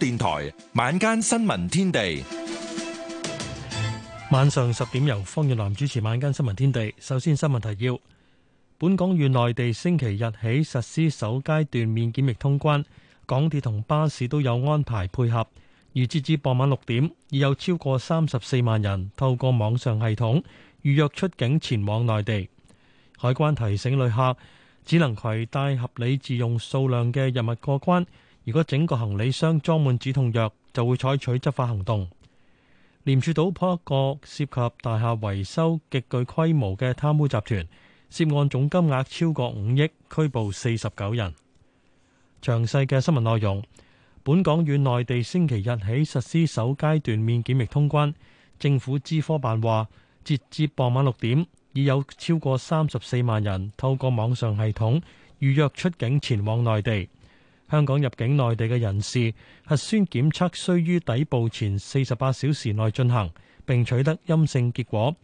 電台晚間新聞天地，晚上十點由方月蘭主持。晚間新聞天地，首先新聞提要：本港與內地星期日起實施首階段免檢疫通關，港鐵同巴士都有安排配合。而截至，至傍晚六點，已有超過三十四萬人透過網上系統預約出境前往內地。海關提醒旅客，只能携帶合理自用數量嘅藥物過關。如果整個行李箱裝滿止痛藥，就會採取執法行動。廉署搗破一個涉及大廈維修極具規模嘅貪污集團，涉案總金額超過五億，拘捕四十九人。詳細嘅新聞內容，本港與內地星期日起實施首階段免檢疫通關，政府資科辦話，截至傍晚六點，已有超過三十四萬人透過網上系統預約出境前往內地。香港入境內地嘅人士，核酸檢測需於抵埗前四十八小時內進行，並取得陰性結果，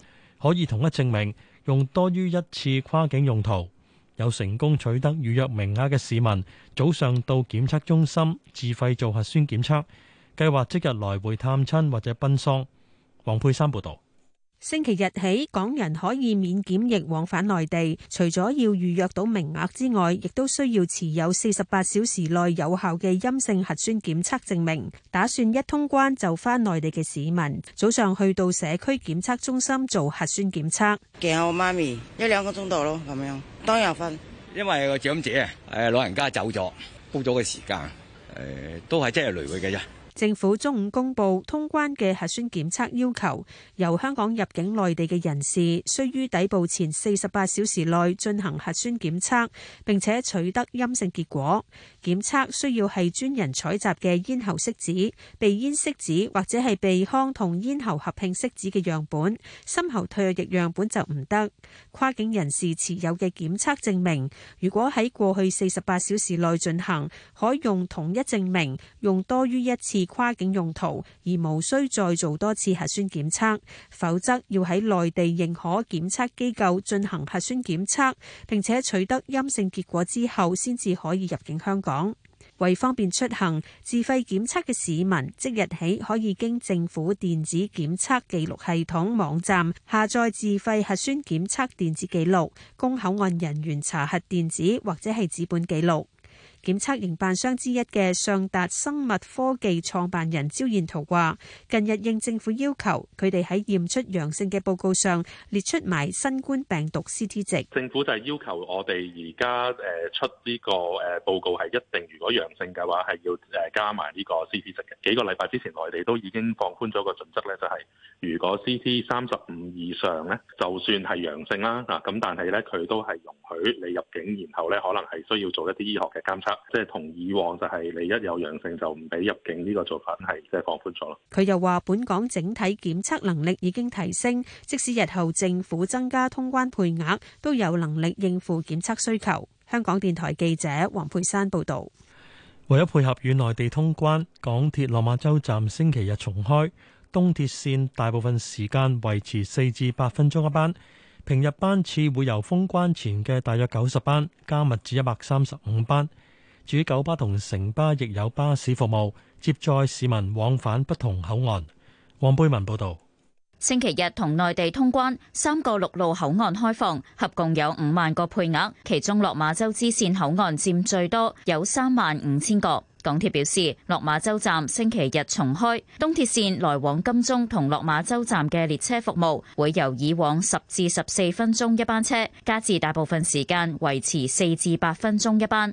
可以同一證明用多於一次跨境用途。有成功取得預約名額嘅市民，早上到檢測中心自費做核酸檢測，計劃即日來回探親或者奔喪，黃佩珊報道。星期日起，港人可以免檢疫往返內地，除咗要預約到名額之外，亦都需要持有四十八小時內有效嘅陰性核酸檢測證明。打算一通關就翻內地嘅市民，早上去到社區檢測中心做核酸檢測。見我媽咪一兩個鐘度咯，咁樣當日瞓。因為個長者啊，誒老人家走咗，煲咗個時間，誒、呃、都係真係累佢嘅啫。政府中午公布通關嘅核酸檢測要求，由香港入境內地嘅人士，需於抵埗前四十八小時內進行核酸檢測，並且取得陰性結果。檢測需要係專人採集嘅咽喉拭子、鼻咽拭子或者係鼻腔同咽喉合併拭子嘅樣本，深喉唾液樣本就唔得。跨境人士持有嘅檢測證明，如果喺過去四十八小時內進行，可用同一證明用多於一次跨境用途，而無需再做多次核酸檢測，否則要喺內地認可檢測機構進行核酸檢測，並且取得陰性結果之後先至可以入境香港。為方便出行自費檢測嘅市民，即日起可以經政府電子檢測記錄系統網站下載自費核酸檢測電子記錄，供口岸人員查核電子或者係紙本記錄。檢測營辦商之一嘅尚達生物科技創辦人招彥圖話：近日應政府要求，佢哋喺驗出陽性嘅報告上列出埋新冠病毒 C T 值。政府就係要求我哋而家誒出呢個誒報告係一定，如果陽性嘅話係要誒加埋呢個 C T 值嘅。幾個禮拜之前內地都已經放寬咗個準則咧，就係如果 C T 三十五以上咧，就算係陽性啦吓，咁但係咧佢都係容許你入境，然後咧可能係需要做一啲醫學嘅監測。即係同以往就係你一有陽性就唔俾入境呢個做法係即係放寬咗咯。佢又話，本港整體檢測能力已經提升，即使日後政府增加通關配額，都有能力應付檢測需求。香港電台記者黃佩珊報道。為咗配合與內地通關，港鐵落馬洲站星期日重開，東鐵線大部分時間維持四至八分鐘一班，平日班次會由封關前嘅大約九十班加密至一百三十五班。主九巴同城巴亦有巴士服務接載市民往返不同口岸。黃貝文報道：星期日同內地通關，三個陸路口岸開放，合共有五萬個配額，其中落馬洲支綫口岸佔最多，有三萬五千個。港鐵表示，落馬洲站星期日重開，東鐵綫來往金鐘同落馬洲站嘅列車服務會由以往十至十四分鐘一班車，加至大部分時間維持四至八分鐘一班。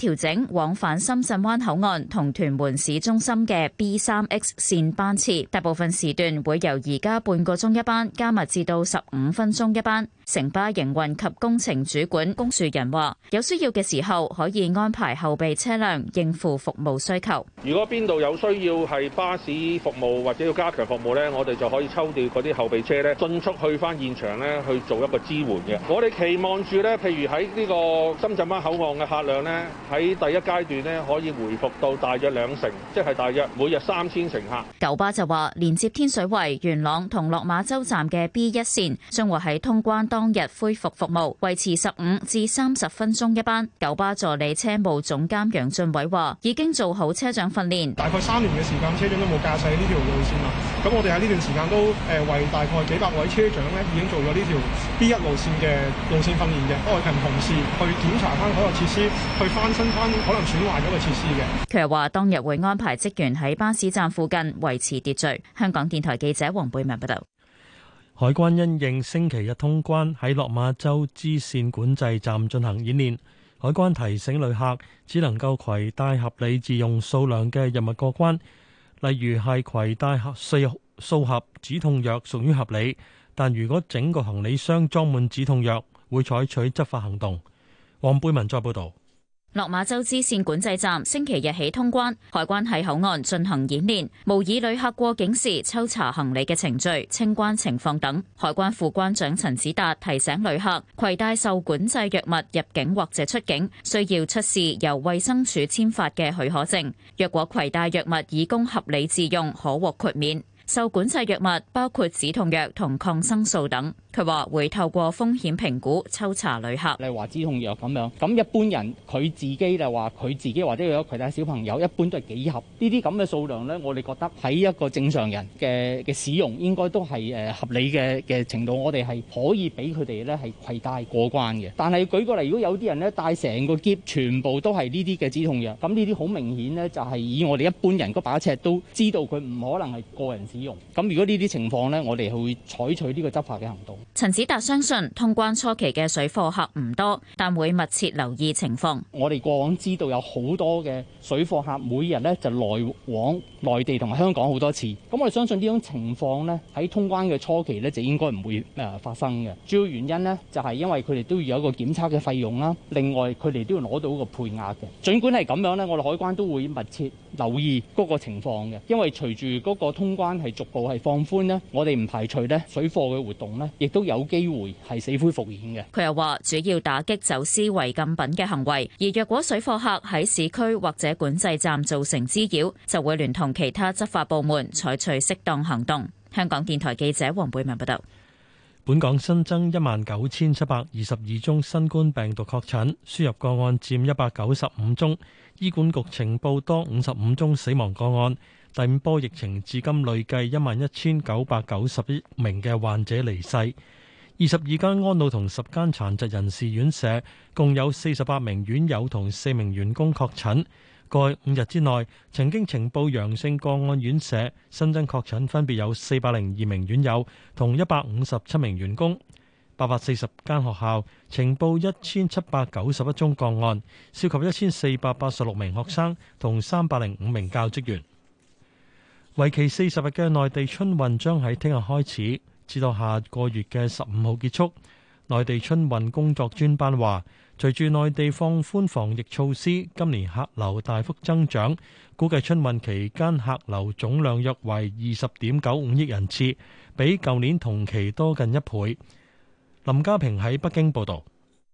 調整，往返深圳灣口岸同屯門市中心嘅 B3X 線班次。大部分時段，會由而家半個鐘一班，加密至到十五分鐘一班，城巴營運及工程主管龔樹人話。有需要嘅時候，可以安排後備車輛，應付服務需求。如果邊度有需要係巴士服務或者要加強服務呢，我哋就可以抽調嗰啲後備車呢，迅速去翻現場呢去做一個支援嘅。我哋期望住呢，譬如喺呢個深圳灣口岸嘅客量，喺第一階段咧，可以回復到大約兩成，即係大約每日三千乘客。九巴就話連接天水圍元朗同落馬洲站嘅 B 一線將會喺通關當日恢復服務，維持十五至三十分鐘一班。九巴助理車務總監楊俊偉話已經做好車長訓練，大概三年嘅時間車長都冇駕駛呢條路線啦。咁我哋喺呢段時間都誒，為大概幾百位車長咧，已經做咗呢條 B 一路線嘅路線訓練嘅，外勤同事去檢查翻所有設施，去翻。可能損壞咗個設施嘅。佢又話當日會安排職員喺巴士站附近維持秩序。香港電台記者黃貝文報道。海關因應星期日通關喺落馬洲支線管制站進行演練。海關提醒旅客只能夠攜帶合理自用數量嘅藥物過關，例如係攜帶四數盒止痛藥屬於合理，但如果整個行李箱裝滿止痛藥，會採取執法行動。黃貝文再報道。落馬洲支線管制站星期日起通關，海關喺口岸進行演練，模擬旅客過境時抽查行李嘅程序、清關情況等。海關副關長陳子達提醒旅客，攜帶受管制藥物入境或者出境，需要出示由衛生署簽發嘅許可證。若果攜帶藥物以供合理自用，可獲豁免。受管制藥物物包括止痛藥同抗生素等。佢話會透過風險評估抽查旅客。例如話止痛藥咁樣，咁一般人佢自己就話佢自己或者有攜帶小朋友，一般都係幾盒呢啲咁嘅數量呢，我哋覺得喺一個正常人嘅嘅使用應該都係誒合理嘅嘅程度，我哋係可以俾佢哋咧係攜帶過關嘅。但係舉過嚟，如果有啲人咧帶成個篋全部都係呢啲嘅止痛藥，咁呢啲好明顯呢，就係以我哋一般人嗰把尺都知道佢唔可能係個人咁如果呢啲情況呢，我哋會採取呢個執法嘅行動。陳子達相信通關初期嘅水貨客唔多，但會密切留意情況。我哋過往知道有好多嘅水貨客，每日呢就來往內地同埋香港好多次。咁我哋相信呢種情況呢，喺通關嘅初期呢就應該唔會誒發生嘅。主要原因呢，就係因為佢哋都要有一個檢測嘅費用啦，另外佢哋都要攞到個配額嘅。儘管係咁樣呢，我哋海關都會密切留意嗰個情況嘅，因為隨住嗰個通關係。逐步係放寬呢，我哋唔排除呢，水貨嘅活動呢亦都有機會係死灰復燃嘅。佢又話：主要打擊走私違禁品嘅行為，而若果水貨客喺市區或者管制站造成滋擾，就會聯同其他執法部門採取適當行動。香港電台記者黃貝文報道。本港新增一萬九千七百二十二宗新冠病毒確診，輸入個案佔一百九十五宗。醫管局呈報多五十五宗死亡個案。第五波疫情至今累計一萬一千九百九十一名嘅患者離世。二十二間安老同十間殘疾人士院舍共有四十八名院友同四名員工確診。過去五日之內曾經呈報陽性個案院舍新增確診分別有四百零二名院友同一百五十七名員工。八百四十間學校呈報一千七百九十一宗個案，涉及一千四百八十六名學生同三百零五名教職員。為期四十日嘅內地春運將喺聽日開始，至到下個月嘅十五號結束。內地春運工作專班話，隨住內地放寬防疫措施，今年客流大幅增長，估計春運期間客流總量約為二十點九五億人次，比舊年同期多近一倍。林家平喺北京報道。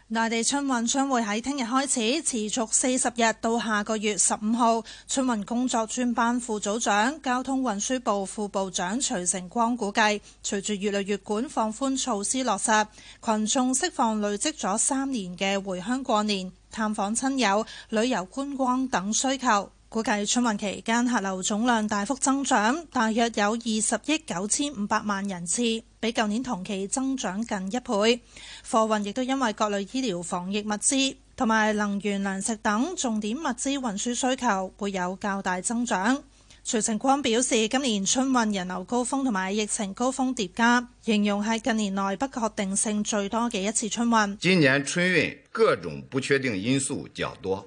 內地春運將會喺聽日開始，持續四十日到下個月十五號。春運工作專班副組長、交通運輸部副部長徐成光估計，隨住越嚟越管放寬措施落實，群眾釋放累積咗三年嘅回鄉過年、探訪親友、旅遊觀光等需求。估計春運期間客流總量大幅增長，大約有二十億九千五百萬人次，比舊年同期增長近一倍。貨運亦都因為各類醫療防疫物資同埋能源糧食等重點物資運輸需求會有較大增長。徐成光表示，今年春運人流高峰同埋疫情高峰疊加，形容係近年內不確定性最多嘅一次春運。今年春運各種不確定因素較多。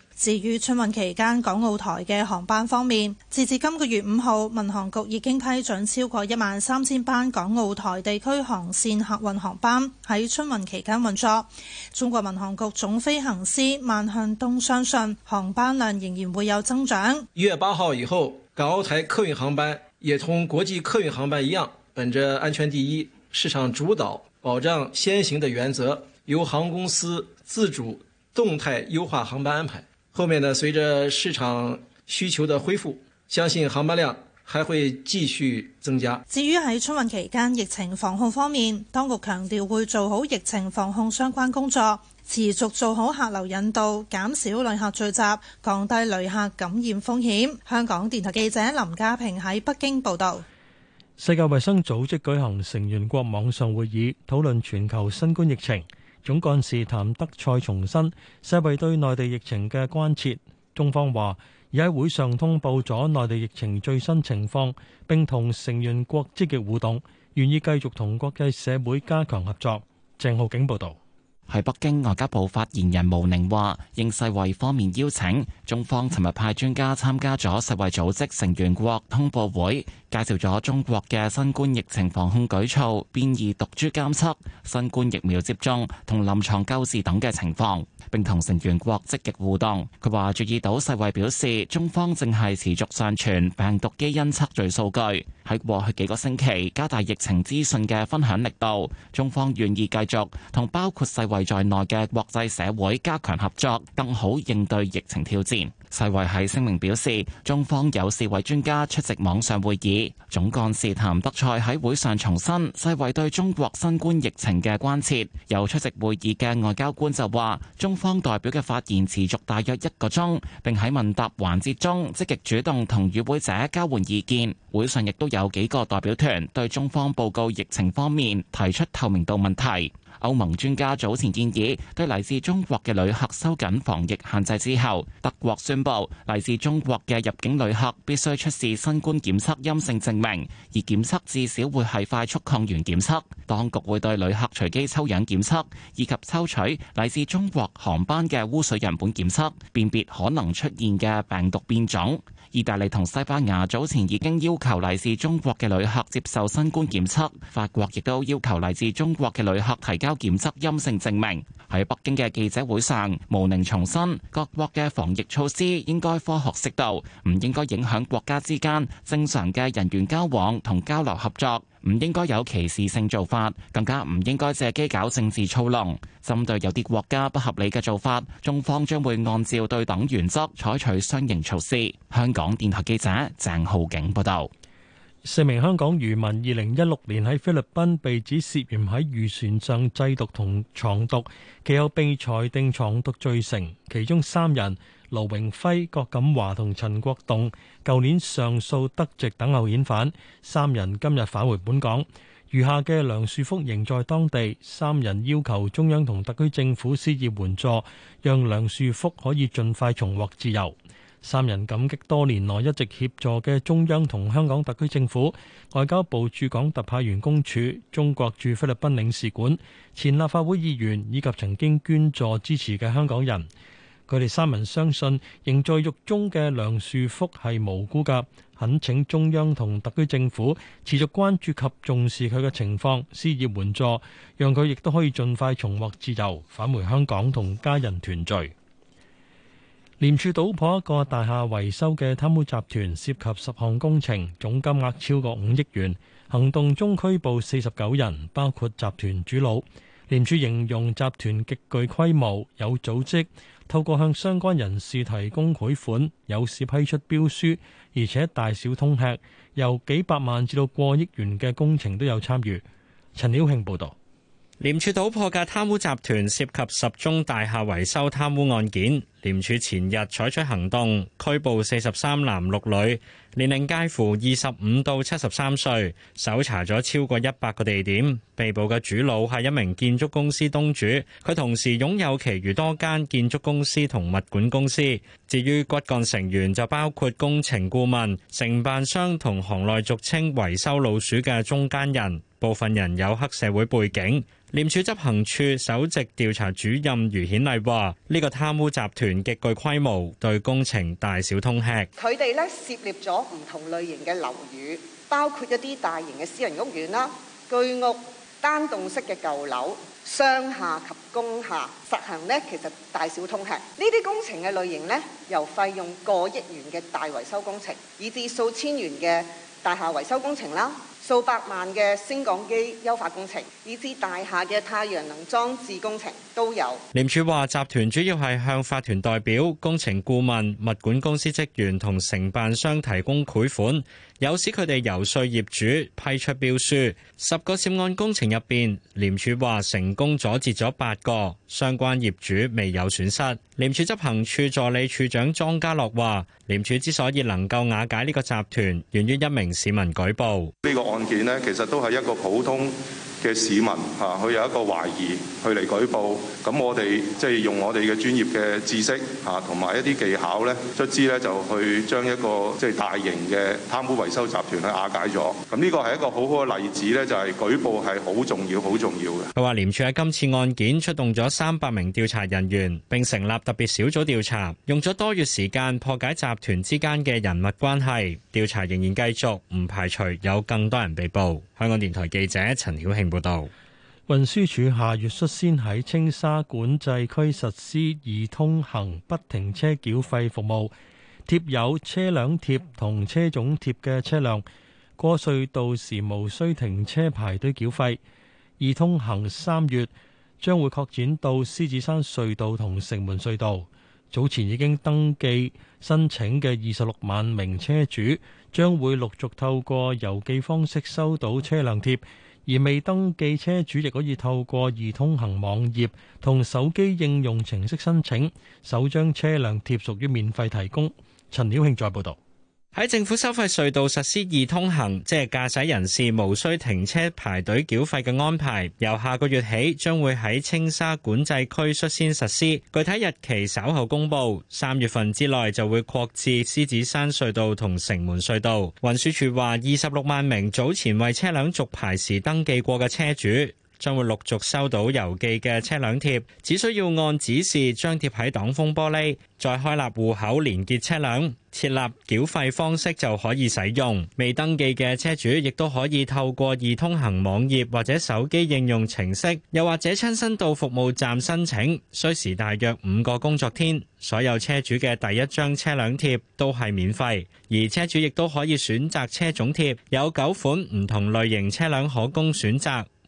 至於春運期間港澳台嘅航班方面，截至今個月五號，民航局已經批准超過一萬三千班港澳台地區航線客運航班喺春運期間運作。中國民航局總飛行師萬向東相信，航班量仍然會有增長。一月八號以後，港澳台客運航班也同國際客運航班一樣，本着安全第一、市場主導、保障先行的原則，由航空公司自主動態優化航班安排。後面呢，隨着市場需求的恢復，相信航班量還會繼續增加。至於喺春運期間疫情防控方面，當局強調會做好疫情防控相關工作，持續做好客流引導，減少旅客聚集，降低旅客感染風險。香港電台記者林家平喺北京報道。世界衛生組織舉行成員國網上會議，討論全球新冠疫情。總幹事譚德塞重申世衛對內地疫情嘅關切，中方話已喺會上通報咗內地疫情最新情況，並同成員國積極互動，願意繼續同國際社會加強合作。鄭浩景報道，喺北京外交部發言人毛寧話，應世衛方面邀請，中方尋日派專家參加咗世衛組織成員國通報會。介紹咗中國嘅新冠疫情防控舉措、變異毒株監測、新冠疫苗接種同臨牀救治等嘅情況，並同成員國積極互動。佢話注意到世衛表示，中方正係持續上傳病毒基因測序數據，喺過去幾個星期加大疫情資訊嘅分享力度。中方願意繼續同包括世衛在內嘅國際社會加強合作，更好應對疫情挑戰。世衛喺聲明表示，中方有四位專家出席網上會議。總幹事譚德塞喺會上重申，世衛對中國新冠疫情嘅關切。有出席會議嘅外交官就話，中方代表嘅發言持續大約一個鐘，並喺問答環節中積極主動同與會者交換意見。會上亦都有幾個代表團對中方報告疫情方面提出透明度問題。歐盟專家早前建議對嚟自中國嘅旅客收緊防疫限制之後，德國宣布嚟自中國嘅入境旅客必須出示新冠檢測陰性證明，而檢測至少會係快速抗原檢測。當局會對旅客隨機抽樣檢測，以及抽取嚟自中國航班嘅污水樣本檢測，辨別可能出現嘅病毒變種。意大利同西班牙早前已經要求嚟自中國嘅旅客接受新冠檢測，法國亦都要求嚟自中國嘅旅客提交檢測陰性證明。喺北京嘅記者會上，毛寧重申，各國嘅防疫措施應該科學適度，唔應該影響國家之間正常嘅人員交往同交流合作。唔應該有歧視性做法，更加唔應該借機搞政治操弄。針對有啲國家不合理嘅做法，中方將會按照對等原則採取相應措施。香港電台記者鄭浩景報道：四名香港漁民二零一六年喺菲律賓被指涉嫌喺漁船上製毒同藏毒，其後被裁定藏毒罪成，其中三人。劉榮輝、郭錦華同陳國棟舊年上訴得直等候遣返，三人今日返回本港。餘下嘅梁樹福仍在當地。三人要求中央同特區政府施以援助，讓梁樹福可以盡快重獲自由。三人感激多年來一直協助嘅中央同香港特區政府、外交部駐港特派員公署、中國駐菲律賓領事館、前立法會議員以及曾經捐助支持嘅香港人。佢哋三人相信仍在獄中嘅梁樹福係無辜㗎，懇請中央同特區政府持續關注及重視佢嘅情況，施以援助，讓佢亦都可以儘快重獲自由，返回香港同家人團聚。 廉署搗破一個大廈維修嘅貪污集團，涉及十項工程，總金額超過五億元。行動中拘捕四十九人，包括集團主腦。廉署形容集團極具規模，有組織。透過向相關人士提供賄款，有時批出標書，而且大小通吃，由幾百萬至到過億元嘅工程都有參與。陳曉慶報導，廉署搗破嘅貪污集團涉及十宗大廈維修貪污案件。廉署前日採取行動，拘捕四十三男六女，年齡介乎二十五到七十三歲，搜查咗超過一百個地點。被捕嘅主腦係一名建築公司東主，佢同時擁有其餘多間建築公司同物管公司。至於骨幹成員就包括工程顧問、承辦商同行內俗稱「維修老鼠」嘅中間人，部分人有黑社會背景。廉署執行處首席調查主任余顯麗話：呢個貪污集團，極具規模，對工程大小通吃，佢哋咧涉獵咗唔同類型嘅樓宇，包括一啲大型嘅私人屋苑啦、居屋、單棟式嘅舊樓、商廈及工廈，實行呢，其實大小通吃。呢啲工程嘅類型呢，由費用過億元嘅大維修工程，以至數千元嘅大廈維修工程啦。數百萬嘅升降機優化工程，以至大廈嘅太陽能裝置工程都有。廉署話，集團主要係向法團代表、工程顧問、物管公司職員同承辦商提供賄款。有時佢哋游說業主批出標書，十個涉案工程入邊，廉署話成功阻截咗八個，相關業主未有損失。廉署執行處助理處長莊家樂話：廉署之所以能夠瓦解呢個集團，源於一名市民舉報。呢個案件呢，其實都係一個普通。嘅市民嚇，佢有一個懷疑，佢嚟舉報，咁我哋即係用我哋嘅專業嘅知識嚇，同埋一啲技巧咧，卒之咧就去將一個即係大型嘅貪污維修集團去瓦解咗。咁呢個係一個好好嘅例子咧，就係舉報係好重要、好重要嘅。佢話廉署喺今次案件出動咗三百名調查人員，並成立特別小組調查，用咗多月時間破解集團之間嘅人脈關係。調查仍然繼續，唔排除有更多人被捕。香港電台記者陳曉慶。報道運輸署下月率先喺青沙管制區實施易通行不停車繳費服務，貼有車輛貼同車種貼嘅車輛過隧道時無需停車排隊繳費。易通行三月將會擴展到獅子山隧道同城門隧道。早前已經登記申請嘅二十六萬名車主將會陸續透過郵寄方式收到車輛貼。而未登記車主亦可以透過易通行網頁同手機應用程式申請，首張車輛貼屬於免費提供。陳曉慶再報道。喺政府收費隧道實施易通行，即係駕駛人士無需停車排隊繳費嘅安排，由下個月起將會喺青沙管制區率先實施，具體日期稍後公布。三月份之內就會擴至獅子山隧道同城門隧道。運輸署話，二十六萬名早前為車輛續牌時登記過嘅車主。將會陸續收到郵寄嘅車輛貼，只需要按指示張貼喺擋風玻璃，再開立戶口連結車輛，設立繳費方式就可以使用。未登記嘅車主亦都可以透過易通行網頁或者手機應用程式，又或者親身到服務站申請，需時大約五個工作天。所有車主嘅第一張車輛貼都係免費，而車主亦都可以選擇車種貼，有九款唔同類型車輛可供選擇。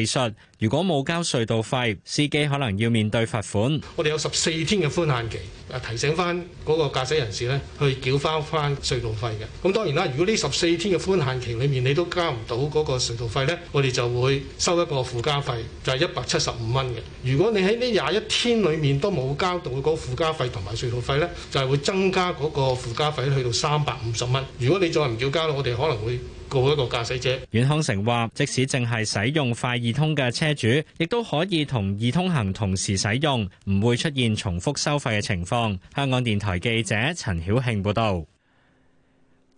其實如果冇交隧道費，司機可能要面對罰款。我哋有十四天嘅寬限期，啊提醒翻嗰個駕駛人士咧去繳翻翻隧道費嘅。咁當然啦，如果呢十四天嘅寬限期裏面你都交唔到嗰個隧道費咧，我哋就會收一個附加費，就係一百七十五蚊嘅。如果你喺呢廿一天裏面都冇交到嗰個附加費同埋隧道費咧，就係會增加嗰個附加費去到三百五十蚊。如果你再唔繳交，我哋可能會。告一個駕駛者。阮康成話：即使淨係使用快易通嘅車主，亦都可以同易通行同時使用，唔會出現重複收費嘅情況。香港電台記者陳曉慶報導。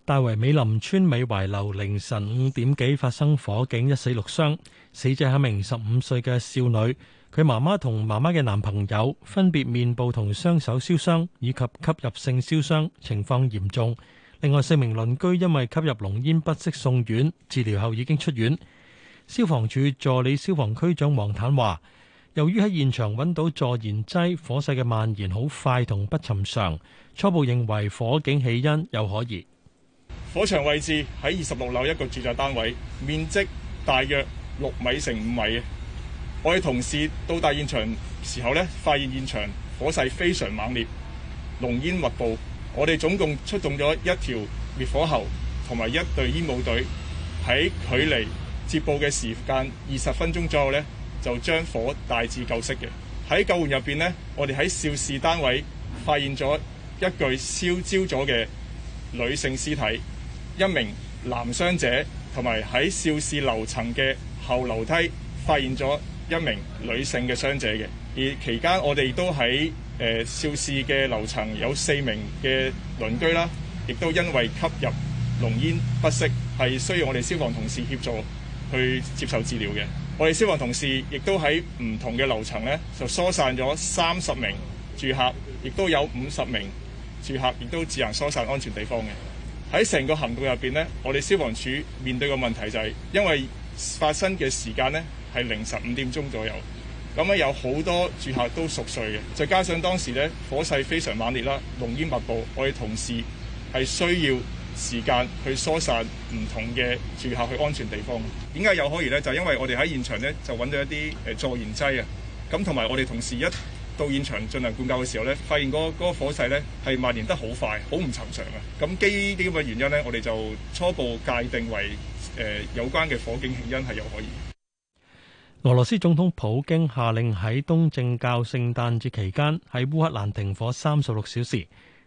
大圍美林村美槐樓凌晨五點幾發生火警，一死六傷，死者係一名十五歲嘅少女，佢媽媽同媽媽嘅男朋友分別面部同雙手燒傷，以及吸入性燒傷，情況嚴重。另外四名鄰居因為吸入濃煙不適送院，治療後已經出院。消防處助理消防區長黃坦話：由於喺現場揾到助燃劑，火勢嘅蔓延好快同不尋常，初步認為火警起因有可疑。火場位置喺二十六樓一個住宅單位，面積大約六米乘五米。我哋同事到達現場時候呢，發現現場火勢非常猛烈，濃煙密布。我哋總共出動咗一條滅火喉同埋一隊煙霧隊，喺距離接報嘅時間二十分鐘左右，呢就將火大致救熄嘅。喺救援入邊呢，我哋喺肇事單位發現咗一具燒焦咗嘅女性屍體，一名男傷者，同埋喺肇事樓層嘅後樓梯發現咗一名女性嘅傷者嘅。而期間我哋都喺誒肇事嘅樓層有四名嘅鄰居啦，亦都因為吸入濃煙不適，係需要我哋消防同事協助去接受治療嘅。我哋消防同事亦都喺唔同嘅樓層咧，就疏散咗三十名住客，亦都有五十名住客亦都自行疏散安全地方嘅。喺成個行動入邊咧，我哋消防處面對嘅問題就係因為發生嘅時間咧，係凌晨五點鐘左右。咁咧有好多住客都熟睡嘅，再加上當時咧火勢非常猛烈啦，濃煙密布，我哋同事係需要時間去疏散唔同嘅住客去安全地方。點解有可疑呢？就係、因為我哋喺現場咧就揾到一啲誒、呃、助燃劑啊，咁同埋我哋同事一到現場進行灌救嘅時候咧，發現嗰、嗰、嗰、個嗰個火勢咧係蔓延得好快，好唔尋常啊。咁基於呢啲咁嘅原因咧，我哋就初步界定為誒、呃、有關嘅火警起因係有可疑。俄羅斯總統普京下令喺東正教聖誕節期間喺烏克蘭停火三十六小時。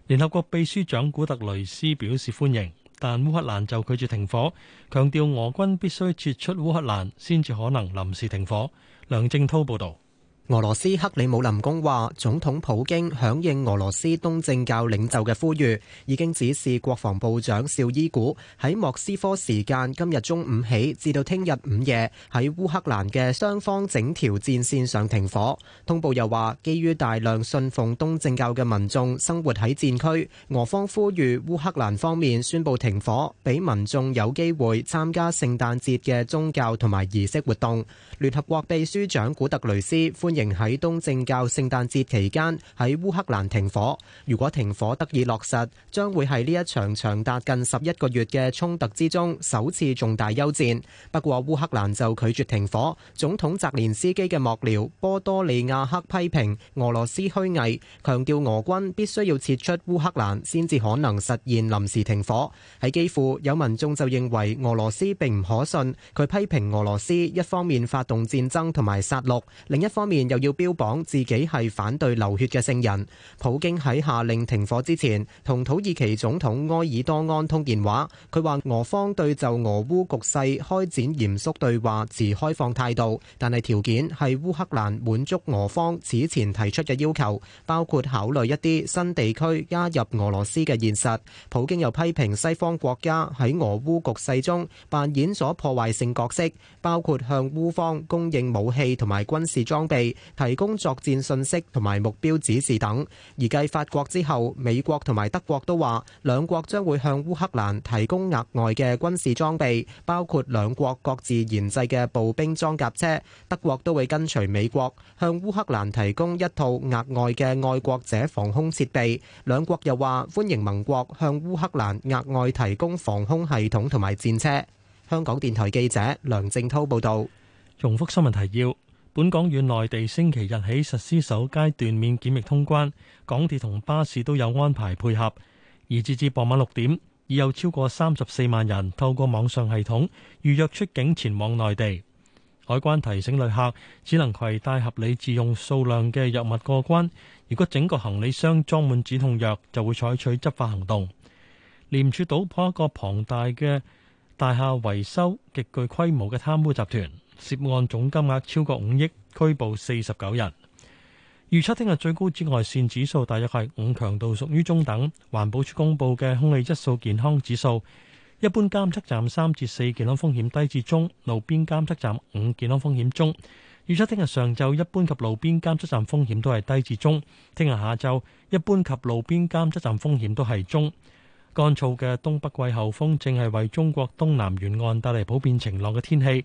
聯合國秘書長古特雷斯表示歡迎，但烏克蘭就拒絕停火，強調俄軍必須撤出烏克蘭先至可能臨時停火。梁正濤報道。俄羅斯克里姆林宮話，總統普京響應俄羅斯東正教領袖嘅呼籲，已經指示國防部長紹伊古喺莫斯科時間今日中午起至到聽日午夜喺烏克蘭嘅雙方整條戰線上停火。通報又話，基於大量信奉東正教嘅民眾生活喺戰區，俄方呼籲烏克蘭方面宣布停火，俾民眾有機會參加聖誕節嘅宗教同埋儀式活動。聯合國秘書長古特雷斯歡迎喺東正教聖誕節期間喺烏克蘭停火。如果停火得以落實，將會係呢一場長達近十一個月嘅衝突之中首次重大休戰。不過烏克蘭就拒絕停火。總統澤連斯基嘅幕僚波多利亞克批評俄羅斯虛偽，強調俄軍必須要撤出烏克蘭先至可能實現臨時停火。喺基輔有民眾就認為俄羅斯並唔可信。佢批評俄羅斯一方面發動戰爭同埋殺戮，另一方面又要標榜自己係反對流血嘅聖人。普京喺下令停火之前，同土耳其總統埃爾多安通電話，佢話俄方對就俄烏局勢開展嚴肅對話，持開放態度，但係條件係烏克蘭滿足俄方此前提出嘅要求，包括考慮一啲新地區加入俄羅斯嘅現實。普京又批評西方國家喺俄烏局勢中扮演咗破壞性角色，包括向烏方。供應武器同埋軍事裝備，提供作戰信息同埋目標指示等。而繼法國之後，美國同埋德國都話，兩國將會向烏克蘭提供額外嘅軍事裝備，包括兩國各自研製嘅步兵裝甲車。德國都會跟隨美國向烏克蘭提供一套額外嘅愛國者防空設備。兩國又話歡迎盟國向烏克蘭額外提供防空系統同埋戰車。香港電台記者梁正濤報道。重複新聞提要：本港與內地星期日起實施首階段免檢疫通關，港鐵同巴士都有安排配合。而截至，至傍晚六點，已有超過三十四萬人透過網上系統預約出境前往內地。海關提醒旅客只能攜帶合理自用數量嘅藥物過關，如果整個行李箱裝滿止痛藥，就會採取執法行動。廉署搗破一個龐大嘅大廈維修極具規模嘅貪污集團。涉案總金額超過五億，拘捕四十九人。預測聽日最高紫外線指數大約係五，強度屬於中等。環保署公佈嘅空氣質素健康指數，一般監測站三至四健康風險低至中，路邊監測站五健康風險中。預測聽日上晝一般及路邊監測站風險都係低至中，聽日下晝一般及路邊監測站風險都係中。乾燥嘅東北季候風正係為中國東南沿岸帶嚟普遍晴朗嘅天氣。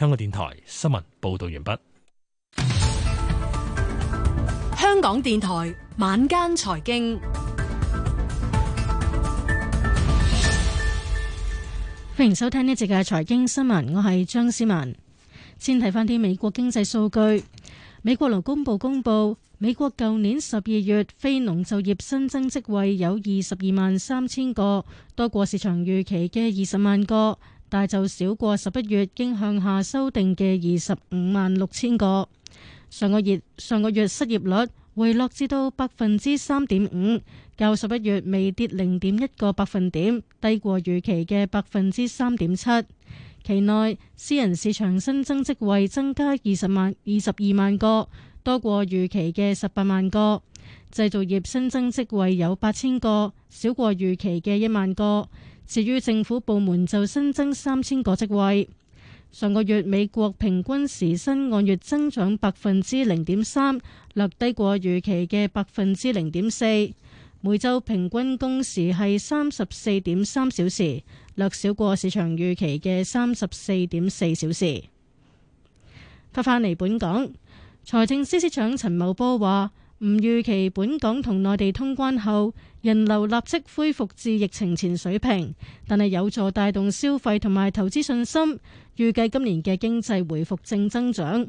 香港電台新聞報道完畢。香港電台晚間財經，歡迎收聽呢節嘅財經新聞，我係張思文。先睇翻啲美國經濟數據，美國勞工部公布，美國舊年十二月非農就業新增職位有二十二萬三千個，多過市場預期嘅二十萬個。但就少過十一月經向下修訂嘅二十五萬六千個。上個月上個月失業率回落至到百分之三點五，較十一月未跌零點一個百分點，低過預期嘅百分之三點七。期內私人市場新增職位增加二十萬二十二萬個，多過預期嘅十八萬個。製造業新增職位有八千個，少過預期嘅一萬個。至於政府部門就新增三千個職位。上個月美國平均時薪按月增長百分之零點三，略低過預期嘅百分之零點四。每週平均工時係三十四點三小時，略少過市場預期嘅三十四點四小時。翻返嚟本港，財政司司長陳茂波話：唔預期本港同內地通關後，人流立即恢復至疫情前水平，但係有助帶動消費同埋投資信心。預計今年嘅經濟回復正增長。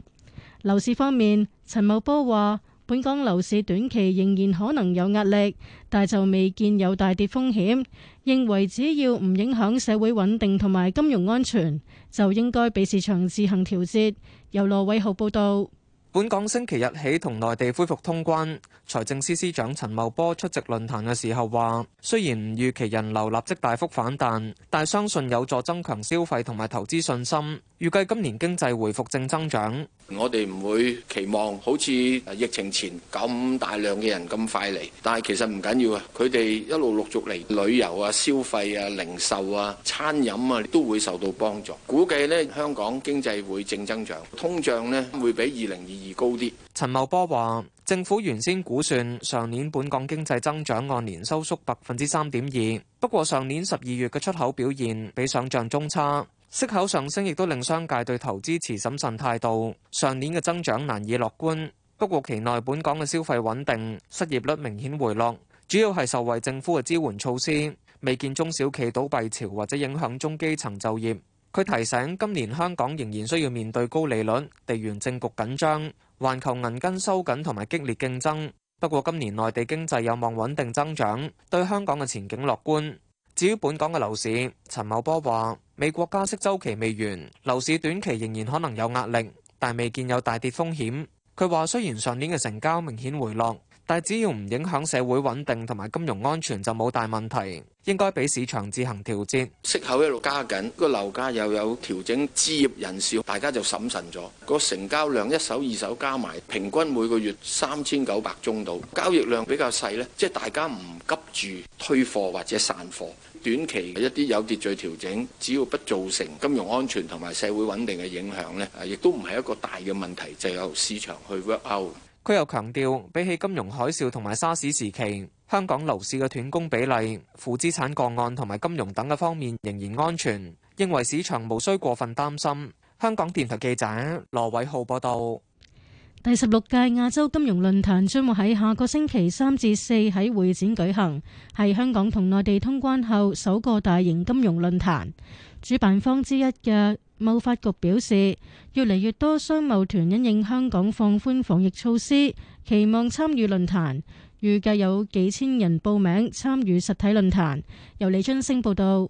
樓市方面，陳茂波話本港樓市短期仍然可能有壓力，但就未見有大跌風險，認為只要唔影響社會穩定同埋金融安全，就應該俾市場自行調節，由羅偉豪報道。本港星期日起同內地恢復通關。財政司司長陳茂波出席論壇嘅時候話：雖然唔預期人流立即大幅反彈，但相信有助增強消費同埋投資信心，預計今年經濟回復正增長。我哋唔會期望好似疫情前咁大量嘅人咁快嚟，但係其實唔緊要啊！佢哋一路陸續嚟旅遊啊、消費啊、零售啊、餐飲啊，都會受到幫助。估計呢，香港經濟會正增長，通脹呢會比二零二二高啲。陳茂波話：政府原先估算上年本港經濟增長按年收縮百分之三點二，不過上年十二月嘅出口表現比想像中差。息口上升，亦都令商界對投資持審慎態度。上年嘅增長難以樂觀。不過期內本港嘅消費穩定，失業率明顯回落，主要係受惠政府嘅支援措施，未見中小企倒閉潮或者影響中基層就業。佢提醒，今年香港仍然需要面對高利率、地緣政局緊張、環球銀根收緊同埋激烈競爭。不過今年內地經濟有望穩定增長，對香港嘅前景樂觀。至於本港嘅樓市，陳茂波話。美國加息周期未完，樓市短期仍然可能有壓力，但未見有大跌風險。佢話雖然上年嘅成交明顯回落，但只要唔影響社會穩定同埋金融安全，就冇大問題，應該俾市場自行調節。息口一路加緊，個樓價又有調整，置業人士大家就審慎咗。個成交量一手二手加埋，平均每個月三千九百宗度，交易量比較細呢，即係大家唔急住推貨或者散貨。短期一啲有秩序調整，只要不造成金融安全同埋社會穩定嘅影響咧，亦都唔係一個大嘅問題，就是，由市場去 work out。佢又強調，比起金融海嘯同埋沙士時期，香港樓市嘅斷供比例，負資產個案同埋金融等嘅方面仍然安全，認為市場無需過分擔心。香港電台記者羅偉浩報道。第十六屆亞洲金融論壇將會喺下個星期三至四喺會展舉行，係香港同內地通關後首個大型金融論壇。主辦方之一嘅貿發局表示，越嚟越多商貿團因應香港放寬防疫措施，期望參與論壇。預計有幾千人報名參與實體論壇。由李津升報道。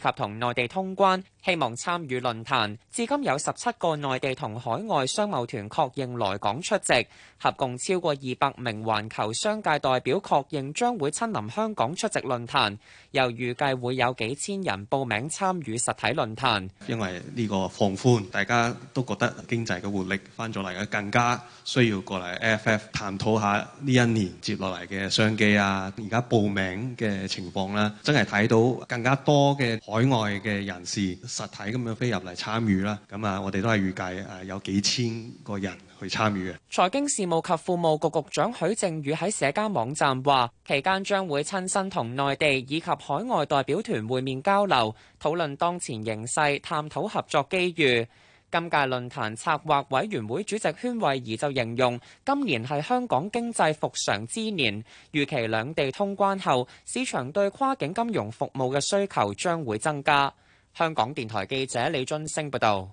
及同內地通關。希望參與論壇，至今有十七個內地同海外商務團確認來港出席，合共超過二百名環球商界代表確認將會親臨香港出席論壇。又預計會有幾千人報名參與實體論壇。因為呢個放寬，大家都覺得經濟嘅活力翻咗嚟嘅，更加需要過嚟 FF 探討下呢一年接落嚟嘅商機啊！而家報名嘅情況啦，真係睇到更加多嘅海外嘅人士。實體咁樣飛入嚟參與啦，咁啊，我哋都係預計誒有幾千個人去參與嘅。財經事務及庫務局局長許正宇喺社交網站話：期間將會親身同內地以及海外代表團會面交流，討論當前形勢，探討合作機遇。今屆論壇策劃委員會主席宣慧儀就形容，今年係香港經濟復常之年，預期兩地通關後，市場對跨境金融服務嘅需求將會增加。香港電台記者李津升報道：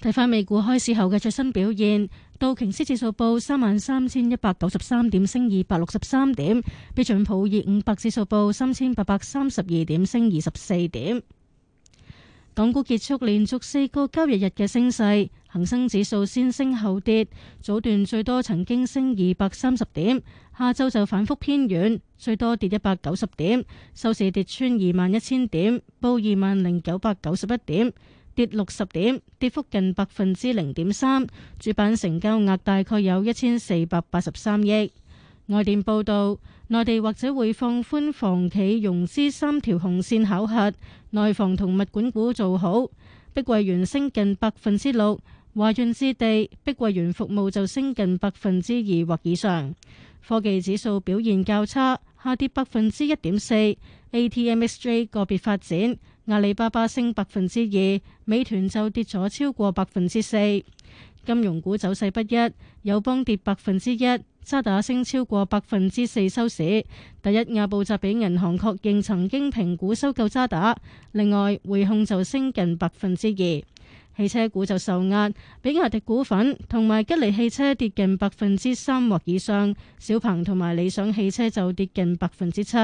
睇翻美股開市後嘅最新表現，道瓊斯指數報三萬三千一百九十三點，升二百六十三點；標準普爾五百指數報三千八百三十二點，升二十四點。港股結束連續四個交易日嘅升勢。恒生指數先升後跌，早段最多曾經升二百三十點，下周就反覆偏軟，最多跌一百九十點，收市跌穿二萬一千點，報二萬零九百九十一點，跌六十點，跌幅近百分之零點三。主板成交額大概有一千四百八十三億。外電報道，內地或者會放寬房企融資三條紅線考核，內房同物管股做好。碧桂園升近百分之六。華潤置地、碧桂園服務就升近百分之二或以上，科技指數表現較差，下跌百分之一點四。ATMXJ 個別發展，阿里巴巴升百分之二，美團就跌咗超過百分之四。金融股走勢不一，友邦跌百分之一，渣打升超過百分之四收市。第一亞布扎比銀行確認曾經評估收購渣打，另外匯控就升近百分之二。汽車股就受壓，比亞迪股份同埋吉利汽車跌近百分之三或以上，小鵬同埋理想汽車就跌近百分之七。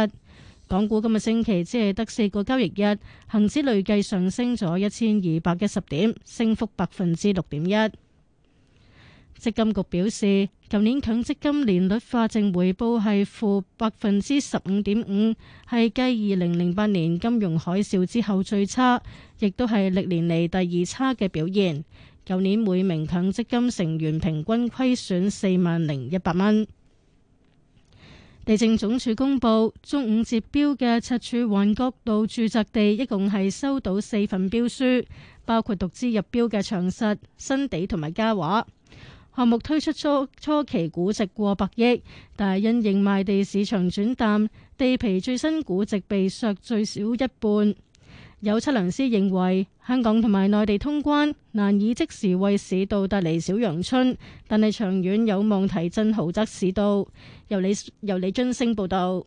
港股今個星期只係得四個交易日，恒指累計上升咗一千二百一十點，升幅百分之六點一。積金局表示，舊年強積金年率化淨回報係負百分之十五點五，係繼二零零八年金融海嘯之後最差，亦都係歷年嚟第二差嘅表現。舊年每名強積金成員平均虧損四萬零一百蚊。地政總署公布中午接標嘅赤柱環角道住宅地，一共係收到四份標書，包括獨資入標嘅長實、新地同埋嘉華。項目推出初初期估值過百億，但係因應賣地市場轉淡，地皮最新估值被削最少一半。有測量師認為，香港同埋內地通關難以即時為市道帶嚟小陽春，但係長遠有望提振豪宅市道。由李由李俊升報導。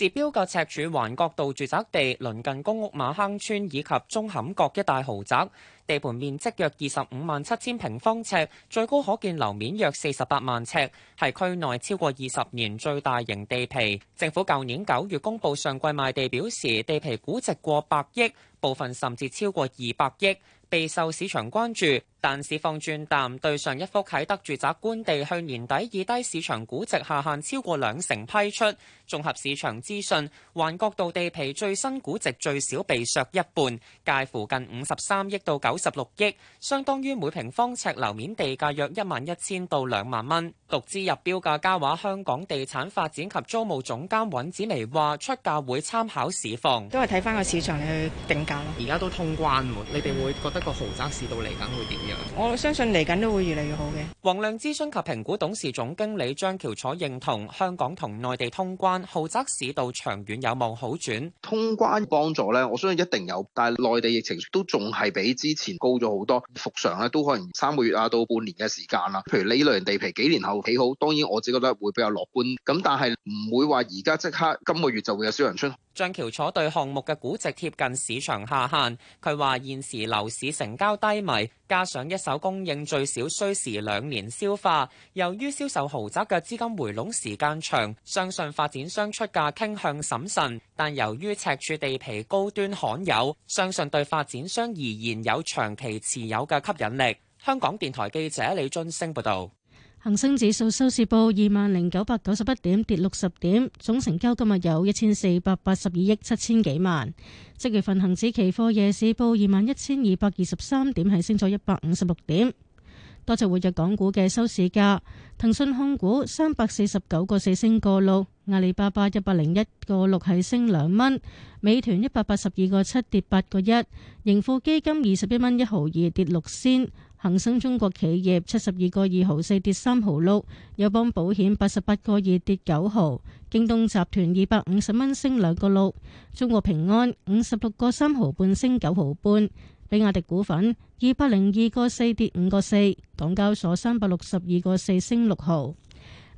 地標嘅赤柱環角道住宅地鄰近公屋馬坑村以及舂坎角一帶豪宅，地盤面積約二十五萬七千平方尺，最高可建樓面約四十八萬尺，係區內超過二十年最大型地皮。政府舊年九月公布上季賣地表時，地皮估值過百億，部分甚至超過二百億，備受市場關注。但市況轉淡，對上一幅啟德住宅官地，去年底以低市場估值下限超過兩成批出。綜合市場資訊，環角道地皮最新估值最少被削一半，介乎近五十三億到九十六億，相當於每平方尺樓面地價約一萬一千到兩萬蚊。獨資入標嘅嘉華香港地產發展及租務總監尹子薇話：出價會參考市況，都係睇翻個市場去定價咯。而家都通關喎，你哋會覺得個豪宅市道嚟緊會點？我相信嚟緊都會越嚟越好嘅。王亮諮詢及評估董事總經理張橋楚認同香港同內地通關，豪宅市道長遠有望好轉。通關幫助咧，我相信一定有，但係內地疫情都仲係比之前高咗好多，復常咧都可能三個月啊到半年嘅時間啦。譬如呢類地皮幾年後起好，當然我自己覺得會比較樂觀。咁但係唔會話而家即刻今個月就會有小陽春。張橋楚對項目嘅估值貼近市場下限。佢話：現時樓市成交低迷，加上一手供應最少需時兩年消化。由於銷售豪宅嘅資金回籠時間長，相信發展商出價傾向審慎。但由於赤柱地皮高端罕有，相信對發展商而言有長期持有嘅吸引力。香港電台記者李俊升報導。恒生指數收市報二萬零九百九十一點，跌六十點。總成交今日有一千四百八十二億七千幾萬。即月份恒指期貨夜市報二萬一千二百二十三點，係升咗一百五十六點。多隻活躍港股嘅收市價：騰訊控股三百四十九個四升個六，阿里巴巴一百零一個六係升兩蚊，美團一百八十二個七跌八個一，盈富基金二十一蚊一毫二跌六仙。恒生中國企業七十二個二毫四跌三毫六，友邦保險八十八個二跌九毫，京東集團二百五十蚊升兩個六，中國平安五十六個三毫半升九毫半，比亞迪股份二百零二個四跌五個四，港交所三百六十二個四升六毫。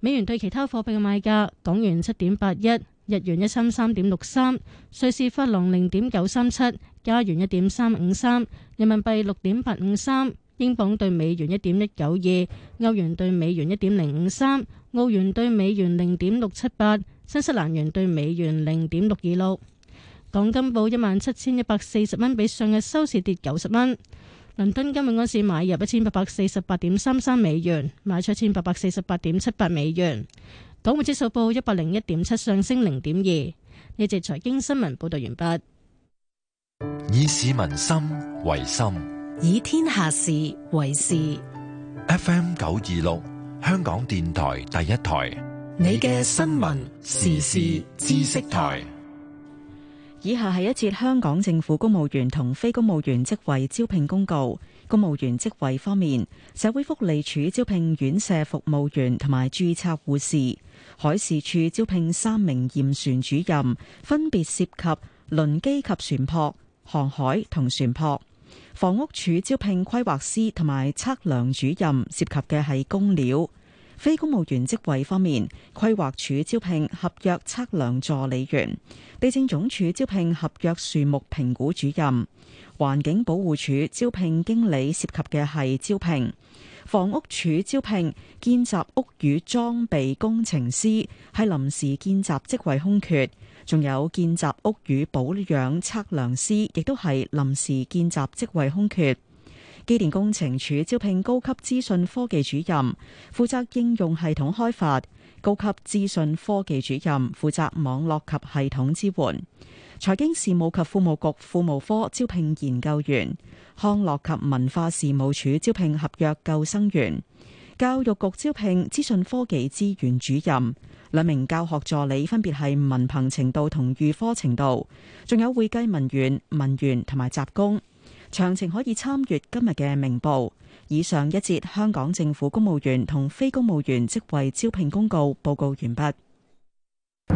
美元對其他貨幣嘅賣價：港元七點八一，日元一三三點六三，瑞士法郎零點九三七，加元一點三五三，人民幣六點八五三。英鎊兌美元一點一九二，歐元兌美元一點零五三，澳元兌美元零點六七八，新西蘭元兌美元零點六二六。港金報一萬七千一百四十蚊，比上日收市跌九十蚊。倫敦金每安士買入一千八百四十八點三三美元，賣出一千八百四十八點七八美元。港匯指數報一百零一點七，上升零點二。呢節財經新聞報道完畢。以市民心為心。以天下事為事。F. M. 九二六香港電台第一台，你嘅新聞時事知識台。以下係一節香港政府公務員同非公務員職位招聘公告。公務員職位方面，社會福利署招聘院舍服務員同埋注冊護士；海事處招聘三名驗船主任，分別涉及輪機及船舶、航海同船舶。房屋署招聘規劃師同埋測量主任，涉及嘅係工料。非公務員職位方面，規劃署招聘合約測量助理員，地政總署招聘合約樹木評估主任，環境保護署招聘經理，涉及嘅係招聘。房屋署招聘見習屋宇裝備工程師，係臨時見習職位空缺。仲有見習屋宇保養測量師，亦都係臨時見習職位空缺。機電工程署招聘高級資訊科技主任，負責應用系統開發；高級資訊科技主任負責網絡及系統支援。財經事務及庫務局庫務科招聘研究員。康樂及文化事務署招聘合約救生員。教育局招聘資訊科技資源主任。兩名教學助理分別係文憑程度同預科程度，仲有會計文員、文員同埋雜工。詳情可以參閱今日嘅明報。以上一節香港政府公務員同非公務員職位招聘公告報告完畢。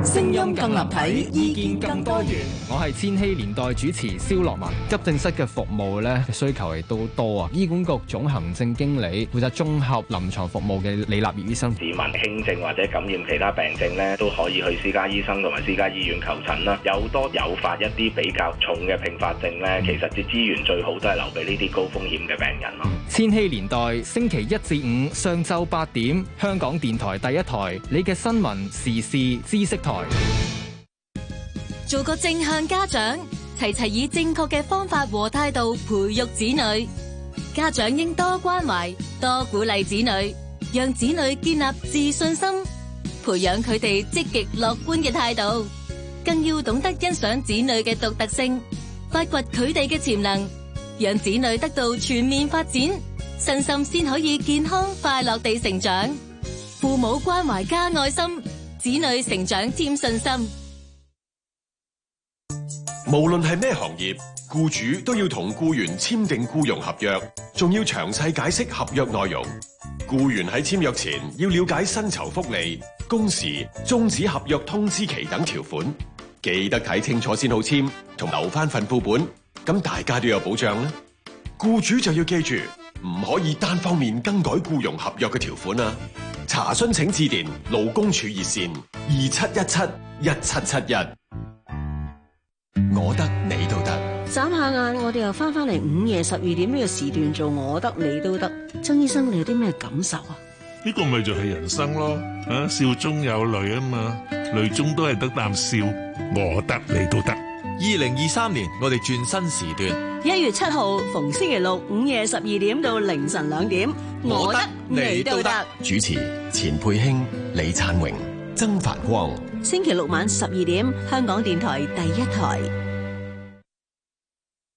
聲音更立體，意見更多元。我係千禧年代主持蕭樂文。急症室嘅服務咧，需求亦都多啊。醫管局總行政經理負責綜合臨牀服務嘅李立業醫生市民，輕症或者感染其他病症咧，都可以去私家醫生同埋私家醫院求診啦。有多誘發一啲比較重嘅併發症咧，其實啲資源最好都係留俾呢啲高風險嘅病人咯。千禧年代星期一至五上晝八點，香港電台第一台，你嘅新聞時事知識。台，做個正向家長，齊齊以正確嘅方法和態度培育子女。家長應多關懷、多鼓勵子女，讓子女建立自信心，培養佢哋積極樂觀嘅態度。更要懂得欣賞子女嘅獨特性，發掘佢哋嘅潛能，讓子女得到全面發展，身心先可以健康快樂地成長。父母關懷加愛心。子女成長添信心。無論係咩行業，僱主都要同僱員簽訂僱傭合約，仲要詳細解釋合約內容。僱員喺簽約前要了解薪酬、福利、工時、終止合約通知期等條款，記得睇清楚，先好簽，同留翻份副本，咁大家都有保障啦。僱主就要記住，唔可以單方面更改僱傭合約嘅條款啊。查詢請致電勞工處熱線二七一七一七七一。17 17我得你都得。眨下眼，我哋又翻翻嚟，午夜十二點呢個時段做我得你都得。曾醫生，你有啲咩感受啊？呢個咪就係人生咯，啊，笑中有淚啊嘛，淚中都係得啖笑。我得你都得。二零二三年，我哋轉新時段，一月七號逢星期六午夜十二點到凌晨兩點，我得你都得，你都得主持，錢佩卿、李燦榮、曾繁光，星期六晚十二點，香港電台第一台。